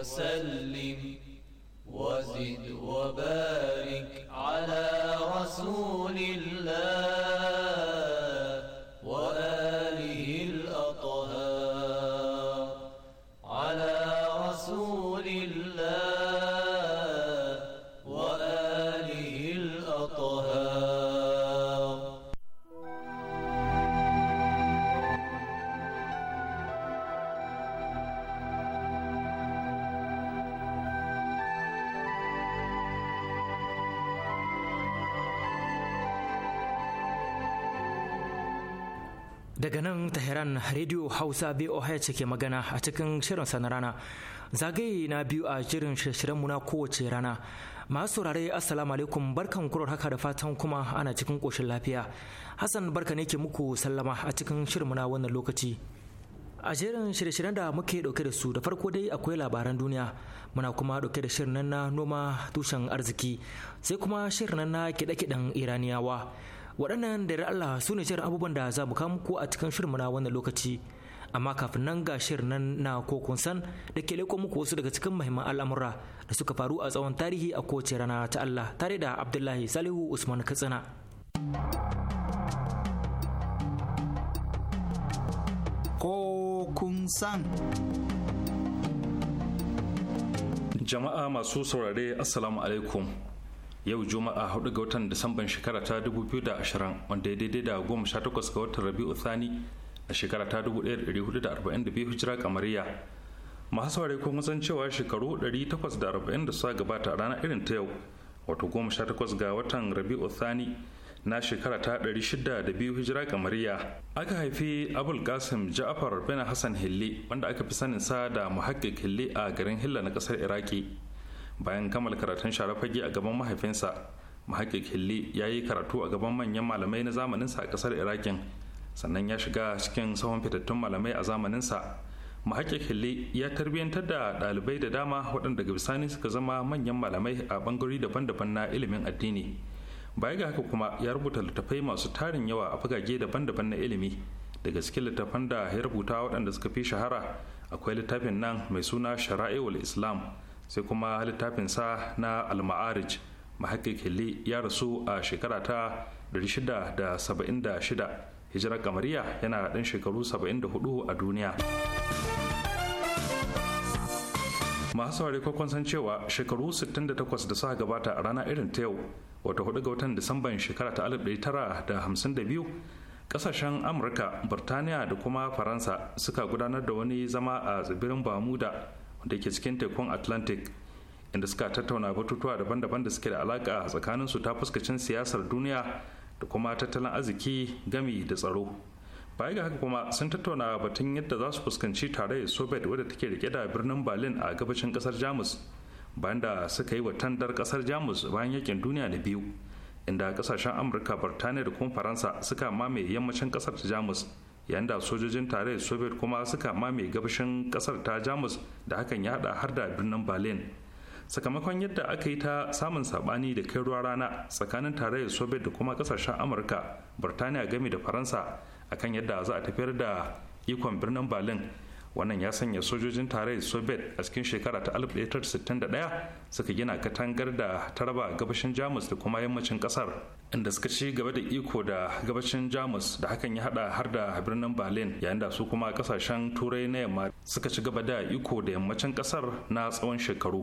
وسلم وزد وبارك Radio Hausa VOH ke magana a cikin shirin sa na rana. Zagaye na biyu a shirin shirin mu na kowace rana. Masu saurare Assalamu alaikum barkan kurar haka da fatan kuma ana cikin koshin lafiya. Hassan barka ne ke muku sallama a cikin shirin na wannan lokaci. A jerin shirye-shiryen da muke dauke da su da farko dai akwai labaran duniya muna kuma dauke da shirin na noma tushen arziki sai kuma shirin na kiɗe-kiɗen Iraniyawa. waɗannan da Allah su ne shirin abubuwan da za mu kawo muku a cikin shirin na wannan lokaci amma kafin nan ga shirin nan na kokun san da ke leƙo muku wasu daga cikin mahimman al'amura da suka faru a tsawon tarihi a kowace rana ta Allah tare da Abdullahi Salihu Usman Katsina. kun san. Jama'a masu saurare Assalamu alaikum. yau juma'a 4 ga watan disamban shekara ta 2020 wanda ya daidai da 18 ga watan rabi'u thani a shekara ta 1442 hijira kamariya masu saurari kuma san cewa shekaru 840 da suka gabata a ranar irin ta yau wato 18 ga watan rabi'u thani na shekara ta 602 hijira kamariya aka haifi abul qasim ja'far bin hassan hille wanda aka fi sanin sa da muhakkik hille a garin hilla na kasar iraki bayan kammala karatun share fage a gaban mahaifinsa mahakik hilli ya yi karatu a gaban manyan malamai na zamaninsa a ƙasar irakin sannan ya shiga cikin sahun fitattun malamai a zamaninsa mahakik hilli ya tarbiyyantar da ɗalibai da dama waɗanda ga bisani suka zama manyan malamai a ɓangarori daban-daban na ilimin addini baya ga haka kuma ya rubuta littattafai masu tarin yawa a fagage daban-daban na ilimi daga cikin littattafan da ya rubuta waɗanda suka fi shahara akwai littafin nan mai suna shara'ewul islam sai kuma littafinsa na alma'arij mahakkakili ya rasu a shekara ta 676 hijirar kamariya yana ɗan shekaru 74 a duniya masu saurari kwakwan san cewa shekaru 68 da suka gabata a rana irin ta yau wata hudu ga watan disamban shekara ta 1952 kasashen amurka burtaniya da kuma faransa suka gudanar da wani zama a tsibirin bamuda da ke cikin tekun atlantic inda suka tattauna batutuwa daban-daban da suke da alaka tsakanin su ta fuskacin siyasar duniya da kuma tattalin arziki gami da tsaro baya ga haka kuma sun tattauna batun yadda za su fuskanci da soviet wadda take rike da birnin berlin a gabashin kasar jamus bayan da suka yi wa tandar kasar jamus bayan yakin duniya na biyu inda kasashen amurka birtaniya da kuma faransa suka mamaye yammacin kasar jamus yanda sojojin tarayyar soviet kuma suka mame gabashin kasar ta jamus da hakan ya hada har da birnin berlin sakamakon yadda aka yi ta samun sabani da kai ruwa rana tsakanin tarayyar soviet da kuma kasashen amurka birtaniya game da faransa akan yadda za a tafiyar da ikon birnin berlin wannan ya sanya sojojin tarayyar soviet a cikin shekara ta 1961 suka gina katangar da taraba gabashin jamus da kuma yammacin kasar inda suka ci gaba da iko da gabashin jamus da hakan ya hada har da birnin berlin yayin da su kuma kasashen turai na yamma suka ci gaba da iko da yammacin kasar na tsawon shekaru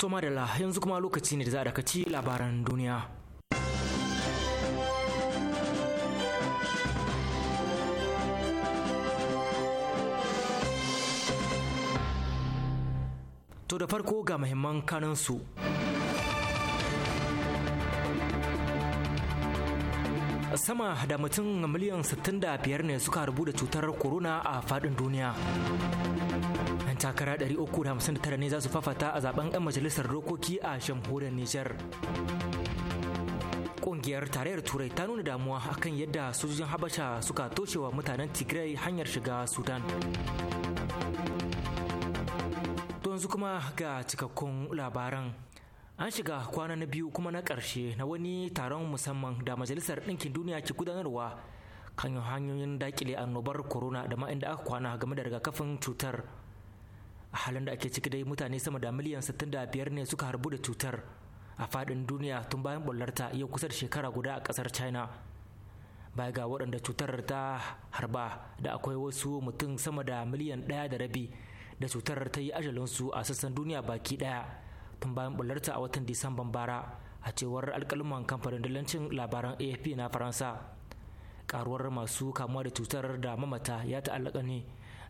To madalla yanzu kuma lokaci ne da za a dakaci labaran duniya. To da farko ga muhimman kanansu. sama da mutum miliyan 65 ne suka rubu da cutar corona a fadin duniya yan takara 359 ne za su fafata a zaben 'yan majalisar dokoki a shamhuriyar nijar Ƙungiyar tarayyar turai ta nuna damuwa akan yadda sojojin habasha suka toshewa mutanen tigray hanyar shiga sudan yanzu kuma ga cikakkun labaran an shiga kwana na biyu kuma na ƙarshe na wani taron musamman da majalisar ɗinkin duniya ke gudanarwa kan hanyoyin dakile annobar corona da ma inda aka kwana game da rigakafin cutar a halin da ake ciki dai mutane sama da miliyan 65 ne suka harbu da cutar a faɗin duniya tun bayan bullarta yau kusa da shekara guda a ƙasar china baya ga waɗanda cutar ta harba da akwai wasu mutum sama da miliyan ɗaya da rabi da cutar ta yi ajalinsu a sassan duniya baki ɗaya tun bayan bullarta a watan disamban bara a cewar alkalman kamfanin dalancin labaran afp na faransa karuwar masu kamuwa da cutar da mamata ya ta'allaka ne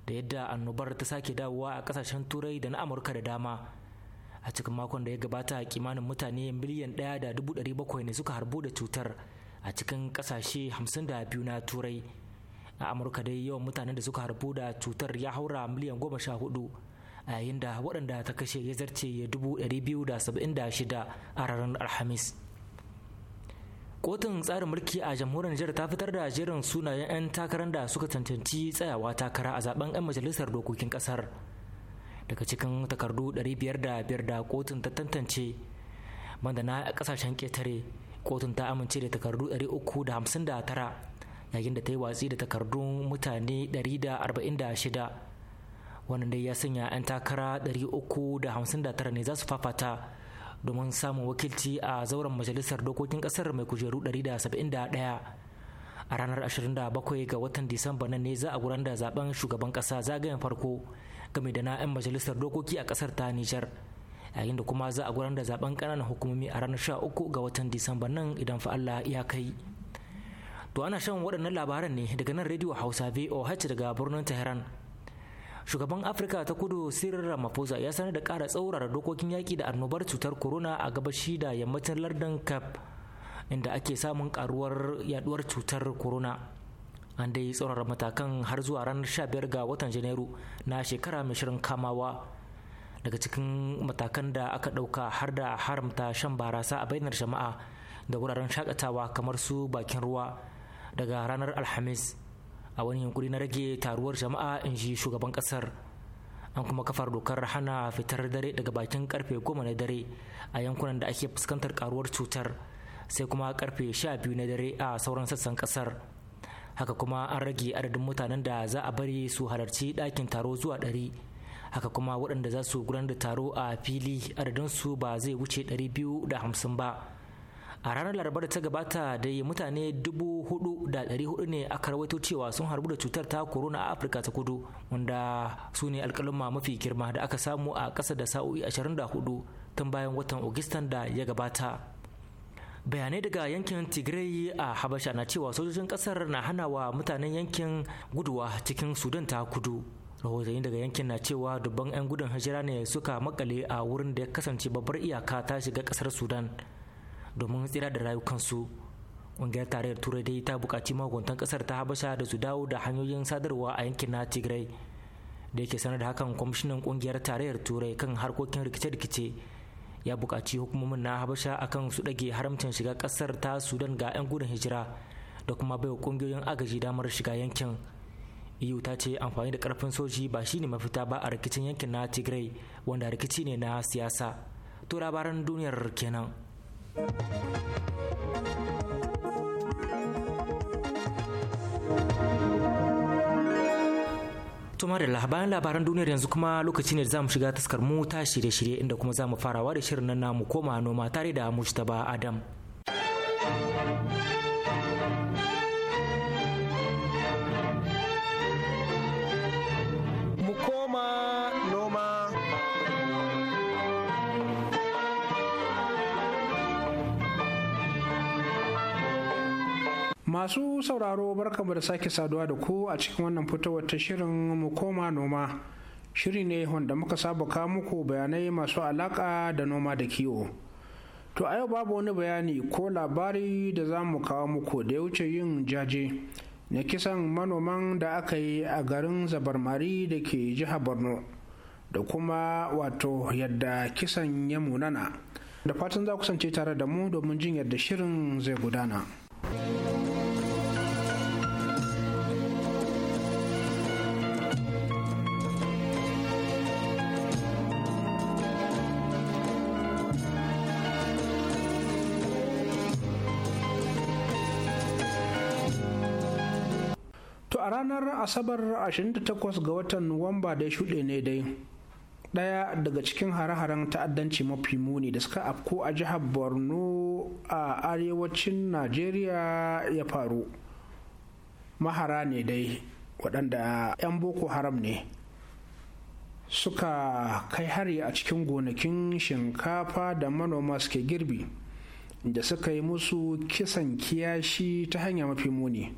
da yadda annobar ta sake dawowa a kasashen turai da na amurka da dama a cikin makon da ya gabata kimanin mutane miliyan ɗaya da dubu ɗari bakwai ne suka harbu da cutar a cikin kasashe hamsin da biyu na turai a amurka dai yawan mutanen da suka harbu da cutar ya haura miliyan goma sha hudu a yayin da waɗanda ta kashe ya zarce ya dubu biyu da da saba'in shida a ranar alhamis kotun tsarin mulki a jamhuriyar nijar ta fitar da jerin sunayen 'yan takarar da suka cancanci tsayawa takara a zaben 'yan majalisar dokokin kasar daga cikin takardu 505 da kotun ta tantance a kasashen ketare kotun ta amince da takardu 359 yayin da ta yi watsi da takardun mutane 146 wannan dai ya sanya 'yan takara 359 ne za su fafata domin samun wakilci a zauren majalisar dokokin kasar mai kujeru 171 a ranar 27 ga watan disamba nan ne za a gudanar da zaben shugaban kasa zagayen farko game da na 'yan majalisar dokoki a kasar ta nijar yayin da kuma za a gudanar da zaben kananan hukumomi a ranar 13 ga watan disamba nan idan fa Allah ya kai to ana shan waɗannan labaran ne daga nan radio hausa voh daga birnin tehran shugaban afirka ta kudu cyril ramaphosa ya sanar da kara tsaurara dokokin yaƙi da annobar cutar corona a gabashi da yammacin lardin cap inda ake samun karuwar yaduwar cutar corona an dai tsaurara matakan har zuwa ranar 15 ga watan janairu na shekara mai shirin kamawa daga cikin matakan da aka ɗauka har da haramta shan barasa a bainar jama'a da wuraren shakatawa kamar su bakin ruwa daga ranar alhamis a wani yankuri na rage taruwar jama'a in ji shugaban kasar an kuma kafar dokar hana fitar dare daga bakin karfe goma na dare a yankunan da ake fuskantar karuwar cutar sai kuma karfe sha biyu na dare a sauran sassan kasar haka kuma an rage adadin mutanen da za a bari su halarci ɗakin taro zuwa ɗari haka kuma waɗanda za su gudanar da taro a fili adadinsu ba zai wuce ɗari biyu da hamsin ba a ranar larabar ta gabata da mutane dubu hudu da dari hudu ne aka rawaito cewa sun harbu da cutar ta corona a afirka ta kudu wanda su ne alkalama mafi girma da aka samu a kasa da sa'o'i da hudu tun bayan watan ogistan da ya gabata bayanai daga yankin tigray a habasha na cewa sojojin kasar na hana wa mutanen yankin guduwa cikin sudan ta kudu rahotanni daga yankin na cewa dubban 'yan gudun hijira ne suka makale a wurin da ya kasance babbar iyaka ta shiga kasar sudan domin tsira da rayukansu ƙungiyar tarayyar turai dai ta buƙaci mahukuntan ƙasar ta habasha da su dawo da hanyoyin sadarwa a yankin na tigray da yake sanar da hakan kwamishinan ƙungiyar tarayyar turai kan harkokin rikice-rikice ya buƙaci hukumomin na habasha akan su ɗage haramcin shiga ƙasar ta sudan ga 'yan gudun hijira da kuma baiwa ƙungiyoyin agaji damar shiga yankin eu ta ce amfani da ƙarfin soji ba shi ne mafita ba a rikicin yankin na tigray wanda rikici ne na siyasa to labaran duniyar kenan tumar da bayan labaran duniyar yanzu kuma lokaci ne da mu shiga taskar mu ta shirye-shirye inda kuma za mu fara da shirin nan namu koma noma tare da mushtaba adam masu sauraro barkamu da sake saduwa da ku a cikin wannan fitowar ta shirin mu koma noma shiri ne wanda muka saba kawo muku bayanai masu alaka da noma da kiwo to a yau babu wani bayani ko labari da za mu kawo muku da ya wuce yin jaje na kisan manoman da aka yi a garin zabarmari da ke jihar borno da kuma wato yadda kisan ya munana da fatan za kusance tare da mu domin jin yadda shirin zai gudana. to a ranar asabar 28 ga watan nuwamba da ya shuɗe ne dai ɗaya daga cikin hare-haren ta'addanci mafi muni da suka afko a jihar borno a arewacin najeriya ya faru mahara ne dai waɗanda 'yan boko haram ne suka kai hari a cikin gonakin shinkafa da manoma suke girbi da suka yi musu kisan kiyashi ta hanya mafi muni.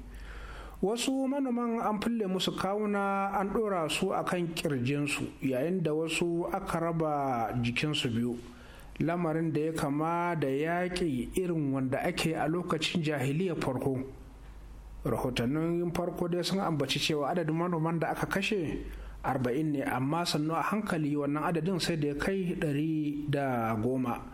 wasu manoman an fulle musu kawuna an dora su akan kan ƙirjinsu yayin da wasu aka raba jikinsu biyu lamarin da ya kama da yaƙi irin wanda ake a lokacin jahiliya farko rahotannin farko dai sun ambaci cewa adadin manoman da aka kashe 40 ne amma sannu a hankali wannan adadin sai da ya kai 110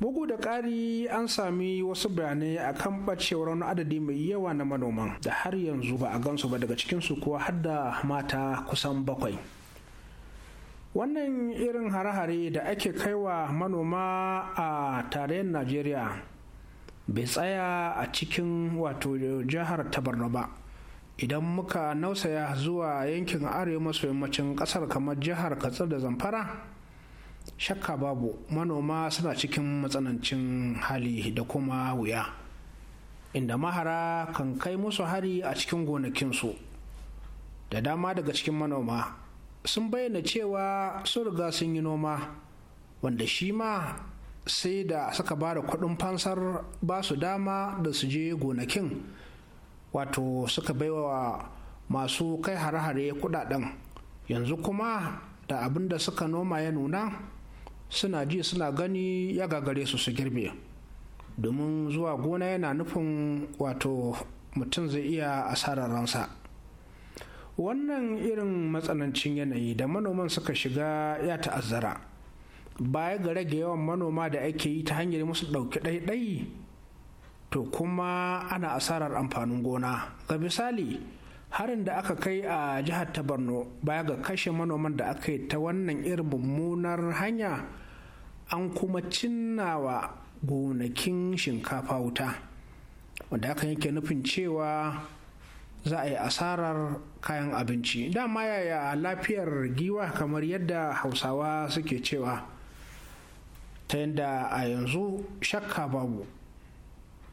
bugu da ƙari an sami wasu bayanai a kan ɓacewar wani adadi mai yawa na manoman da har yanzu ba a gansu ba daga cikinsu kuwa har da mata kusan bakwai wannan irin hare-hare da ake kaiwa manoma a tarayyar najeriya bai tsaya a cikin wato jihar tabarna ba idan muka nausaya zuwa yankin arewa maso yammacin kasar kamar jihar katsina da zamfara shakka babu manoma suna cikin matsanancin hali da kuma wuya inda mahara kan kai musu hari a cikin gonakinsu da dama daga cikin manoma sun bayyana cewa sun riga sun yi noma wanda shi ma sai da suka ba da kudin fansar ba su dama da su je gonakin wato suka baiwa masu kai hare-hare kudaden yanzu kuma da abin da suka noma ya nuna suna ji suna gani ya gagare su su girbe domin zuwa gona yana nufin wato mutum zai iya asarar ransa wannan irin matsanancin yanayi da manoman suka shiga ya ta'azzara baya ga rage yawan manoma da ake yi ta hanyar musu ɗauki ɗaiɗai to kuma ana asarar amfanin gona ga misali harin da aka kai a jihar ta borno baya ga kashe manoman da aka yi ta wannan irin mummunar hanya an kuma cinnawa gonakin shinkafa wuta wanda hakan yake nufin cewa za a yi asarar kayan abinci dama yaya lafiyar giwa kamar yadda hausawa suke cewa ta yadda a yanzu shakka babu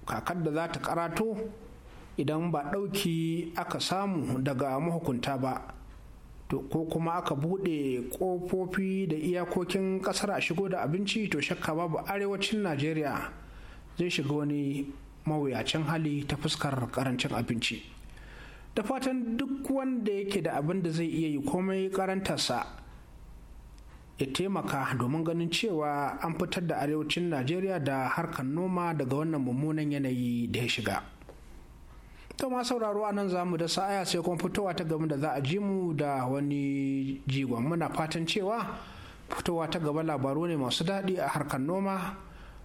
kakar da za ta karato idan ba ɗauki aka samu daga mahukunta ba ko kuma aka buɗe ƙofofi da iyakokin ƙasar a shigo da abinci to shakka babu arewacin najeriya zai shiga wani mawuyacin hali ta fuskar karancin abinci da fatan duk wanda yake da abin da zai iya yi komai karantarsa ya taimaka domin ganin cewa an fitar da arewacin najeriya da harkar noma daga wannan mummunan yanayi da ya shiga. to ma sauraro a nan zamu da sa'aya sai kuma fitowa ta gaba da za a ji mu da wani jigon muna fatan cewa fitowa ta gaba labaru ne masu daɗi a harkar noma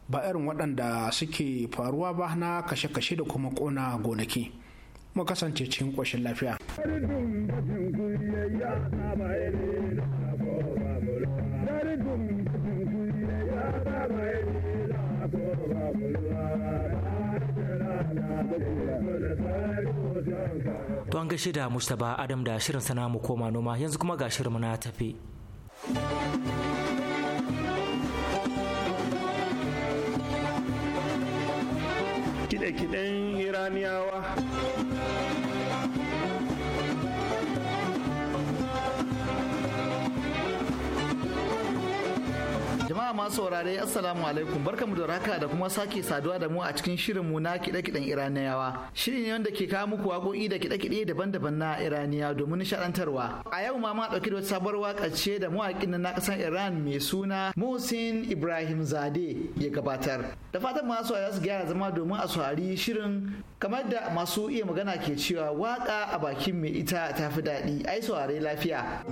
ba irin waɗanda suke faruwa ba na kashe-kashe da kuma ƙona gonaki mu kasance cikin ƙoshin lafiya Thank you. To an gashi da Mustapha Adam da shirin sana mu koma noma yanzu kuma ga shirin na tafi. Kiɗe-kiɗen Iraniyawa. masu saurare assalamu alaikum barkamu da raka da kuma sake saduwa da mu a cikin shirin mu na kiɗe-kiɗen iraniyawa shiri ne wanda ke kawo muku waƙoƙi da kiɗe-kiɗe daban-daban na iraniya domin nishaɗantarwa a yau ma ma dauke da wata sabuwar waƙa ce da mawaƙin na ƙasar iran mai suna musin ibrahim zade ya gabatar da fatan masu za su gyara zama domin a saurari shirin kamar da masu iya magana ke cewa waka a bakin mai ita ta fi daɗi ai saurare lafiya.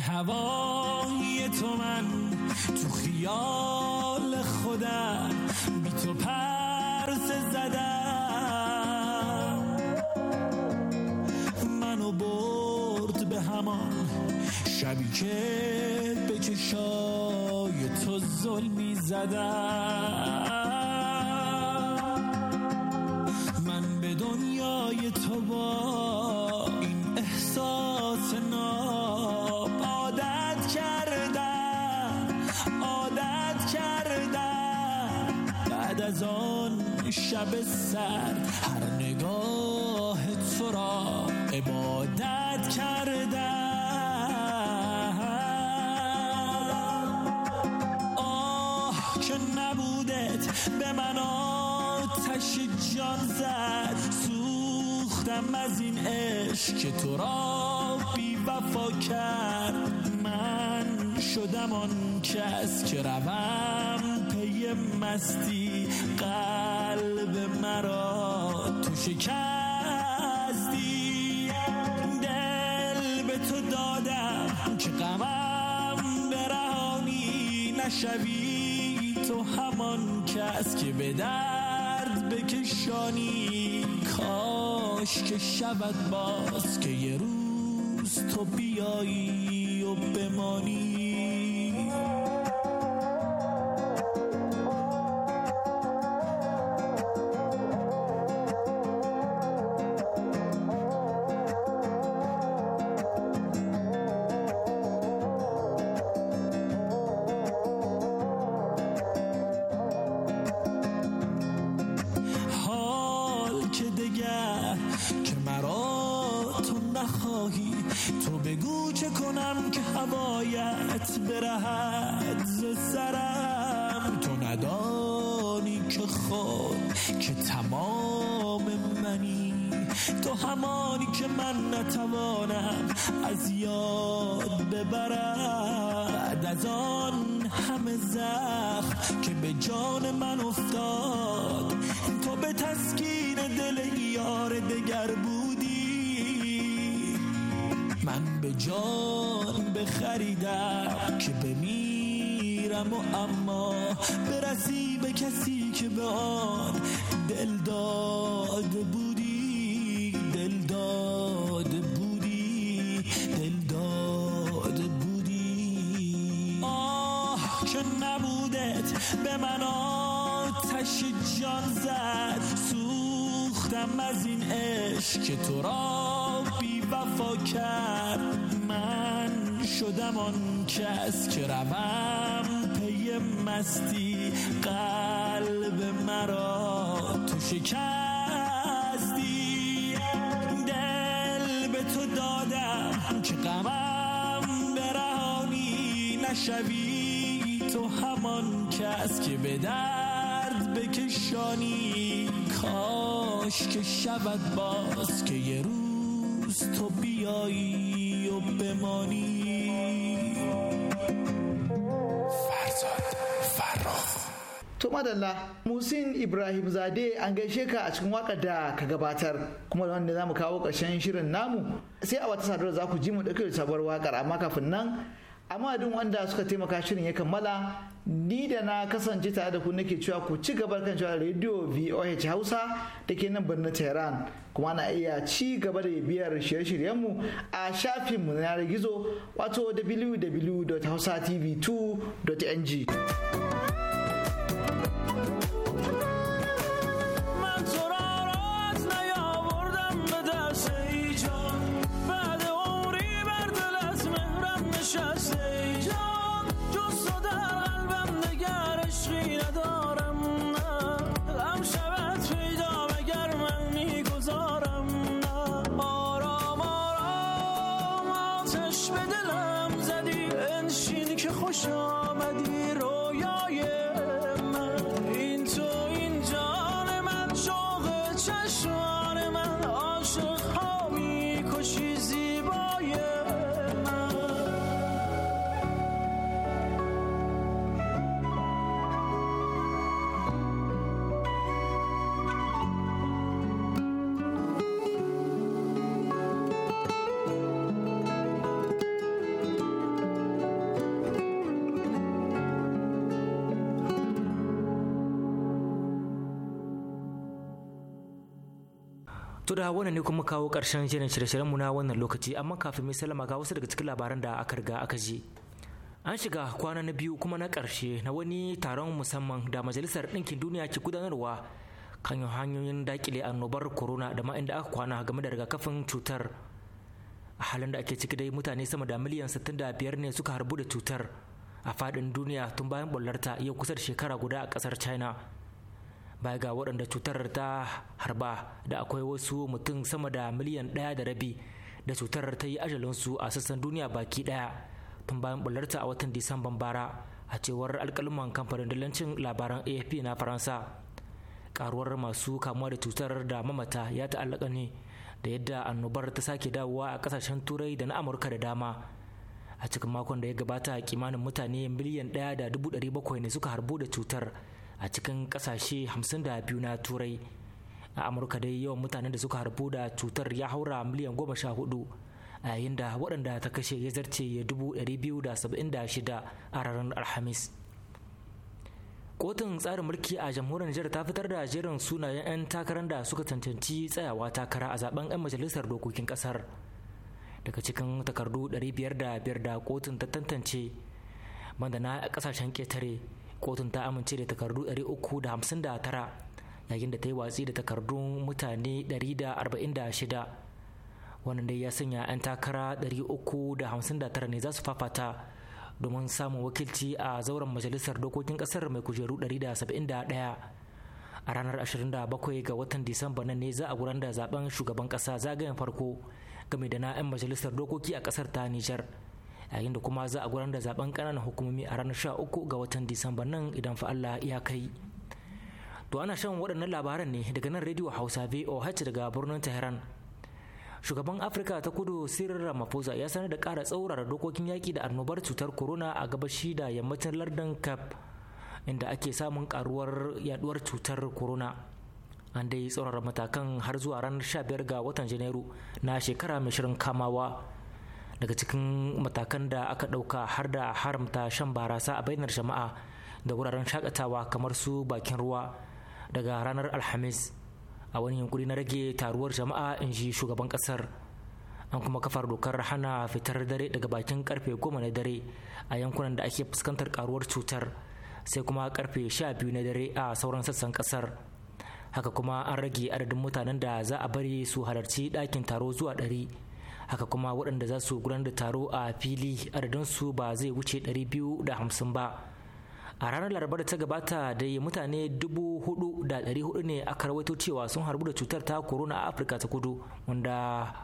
هوای تو من تو خیال خودم بی تو پرس زدم منو برد به همان شبی که به چشای تو ظلمی زدم من به دنیای تو با شب سرد هر نگاه تو را عبادت کردم آه که نبودت به من آتش جان زد سوختم از این عشق که تو را بی وفا کرد من شدم آن کس که روم پی مستی قرد قلب مرا تو شکستی دل به تو دادم که قمم برهانی نشوی تو همان کس که به درد بکشانی کاش که شود باز که یه روز تو بیایی و بمانی هوایت برهد ز سرم تو ندانی که خود که تمام منی تو همانی که من نتوانم از یاد ببرم از آن همه زخم که به جان من افتاد تو به تسکین دل یار دگر بود من به جان بخریدم که بمیرم و اما برسی به کسی که به آن دل داده بودی دل داده بودی دل داده بودی آه که نبودت به من آتش جان زد سوختم از این عشق که تو را وفا کرد من شدم آن کس که روم پی مستی قلب مرا تو شکستی دل به تو دادم که غمم برهانی نشوی تو همان کس که به درد بکشانی کاش که شود باز که یه روز تو بیایی و بمانی فرزاد فرخ to madalla musin ibrahim zade an gaishe ka a cikin waka da ka gabatar kuma da wanda mu kawo ƙarshen shirin namu sai a wata sadarwa za ku ji mu ɗauke da sabuwar wakar amma kafin nan amma duk wanda suka taimaka shirin ya kammala ni da na kasance tare da ku nake cewa ku ci gaba kan cewa rediyo VOH Hausa da ke nan birnin Tehran kuma na iya ci gaba da biyar shirye-shiryenmu a shafin mu na yanar gizo wato www.hausatv2.ng. To da wannan ne kuma kawo ƙarshen shirin shirye-shiryenmu na wannan lokaci amma kafin mai salama ga wasu daga cikin labaran da aka riga aka ji. An shiga kwana na biyu kuma na ƙarshe na wani taron musamman da Majalisar Ɗinkin Duniya ke gudanarwa kan hanyoyin dakile annobar corona da ma inda aka kwana game da rigakafin cutar. A halin da ake ciki dai mutane sama da miliyan 65 ne suka harbu da cutar a faɗin duniya tun bayan bullarta yau kusa da shekara guda a kasar China. baya ga waɗanda cutar ta harba da akwai wasu mutum sama da miliyan ɗaya da rabi da cutar ta yi ajalinsu a sassan duniya baki ɗaya tun bayan bularta a watan disamban bara a cewar alkalman kamfanin dalancin labaran afp na faransa karuwar masu kamuwa da cutar da mamata ya ta'allaka ne da yadda annobar ta sake dawowa a kasashen turai da na amurka da dama a cikin makon da ya gabata kimanin mutane miliyan ɗaya da ne suka harbo da cutar a cikin kasashe 52 na turai a amurka dai yawan mutanen da suka harbu da cutar ya haura miliyan goma sha hudu a yayin da waɗanda ta kashe ya zarce ya dubu biyu da a ranar alhamis kotun tsarin mulki a jamhuriyar nijar ta fitar da jerin sunayen 'yan takarar da suka cancanci tsayawa takara a zaben 'yan majalisar dokokin kasar daga cikin takardu 500 da kotun ta tantance mandana a kasashen ketare kotun ta amince da takardu 359 yayin da ta yi watsi da takardun mutane 146 wannan dai ya sanya 'yan takara 359 ne za su fafata domin samun wakilci a zauren majalisar dokokin kasar mai kujeru 171 a ranar 27 ga watan disamba nan ne za a gudanar da zaben shugaban kasa zagayen farko game da na 'yan majalisar dokoki a kasar ta nijar yayin da kuma za a gudanar da zaben ƙananan hukumomi a ranar 13 ga watan disamba nan idan fa Allah ya kai to ana shan waɗannan labaran ne daga nan rediyo hausa voh daga birnin tehran shugaban afirka ta kudu cyril ramaphosa ya sanar da ƙara tsaurara dokokin yaƙi da annobar cutar corona a gabashi da yammacin lardin cap inda ake samun karuwar yaduwar cutar corona an dai tsaurara matakan har zuwa ranar 15 ga watan janairu na shekara mai shirin kamawa daga cikin matakan da aka ɗauka har da haramta shan barasa a bainar jama'a da wuraren shakatawa kamar su bakin ruwa daga ranar alhamis a wani yankuri na rage taruwar jama'a in ji shugaban kasar an kuma kafar dokar hana fitar dare daga bakin karfe goma na dare a yankunan da ake fuskantar karuwar cutar sai kuma karfe sha biyu na dare a sauran sassan kasar haka kuma an rage adadin mutanen da za a bari su halarci ɗakin taro zuwa ɗari haka kuma waɗanda za su gudanar da taro a fili adadin su ba zai wuce 250 ba a ranar laraba da ta gabata da mutane 4,400 ne aka rawaito cewa sun harbu da cutar ta corona a afirka ta kudu wanda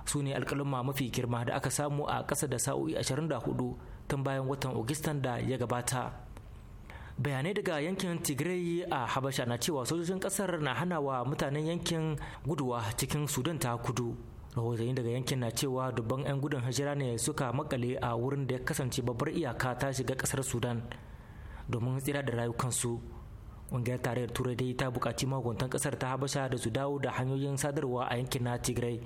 su ne alkalumma mafi girma da aka samu a ƙasa da sa'o'i 24 tun bayan watan ogistan da ya gabata bayanai daga yankin tigray a habasha na cewa sojojin ƙasar na hana wa mutanen yankin guduwa cikin sudan ta kudu rahotanni daga yankin na cewa dubban 'yan gudun hijira ne suka makale a wurin da ya kasance babbar iyaka ta shiga kasar sudan domin tsira da rayukansu ƙungiyar tarayyar turai dai ta buƙaci mahukuntan kasar ta habasha da su dawo da hanyoyin sadarwa a yankin na tigray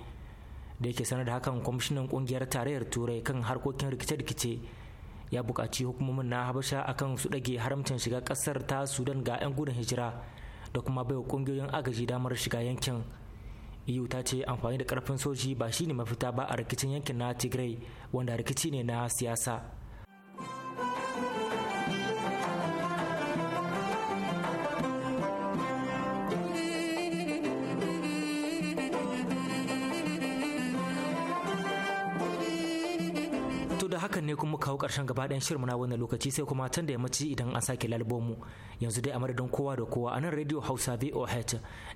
da yake sanar da hakan kwamishinan ƙungiyar tarayyar turai kan harkokin rikice-rikice ya buƙaci hukumomin na habasha akan su ɗage haramcin shiga kasar ta sudan ga 'yan gudun hijira da kuma baiwa ƙungiyoyin agaji damar shiga yankin EU ta ce amfani da karfin soji ba shi ne mafita ba a rikicin yankin na Tigray wanda rikici ne na siyasa. hakan ne kuma kawo karshen gaba ɗayan shirin na wannan lokaci sai kuma can da yammaci idan an sake lalbomu yanzu dai a madadin kowa da kowa a nan radio hausa voh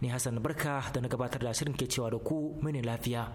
ne hassan barka da na gabatar da shirin ke cewa da ku mini lafiya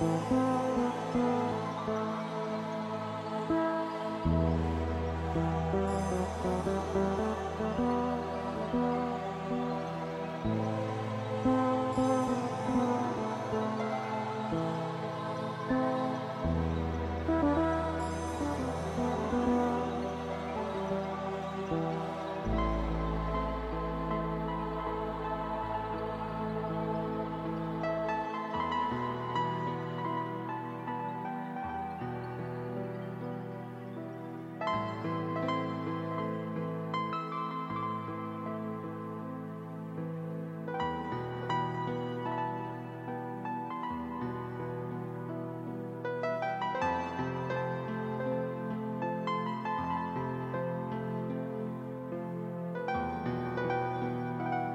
Música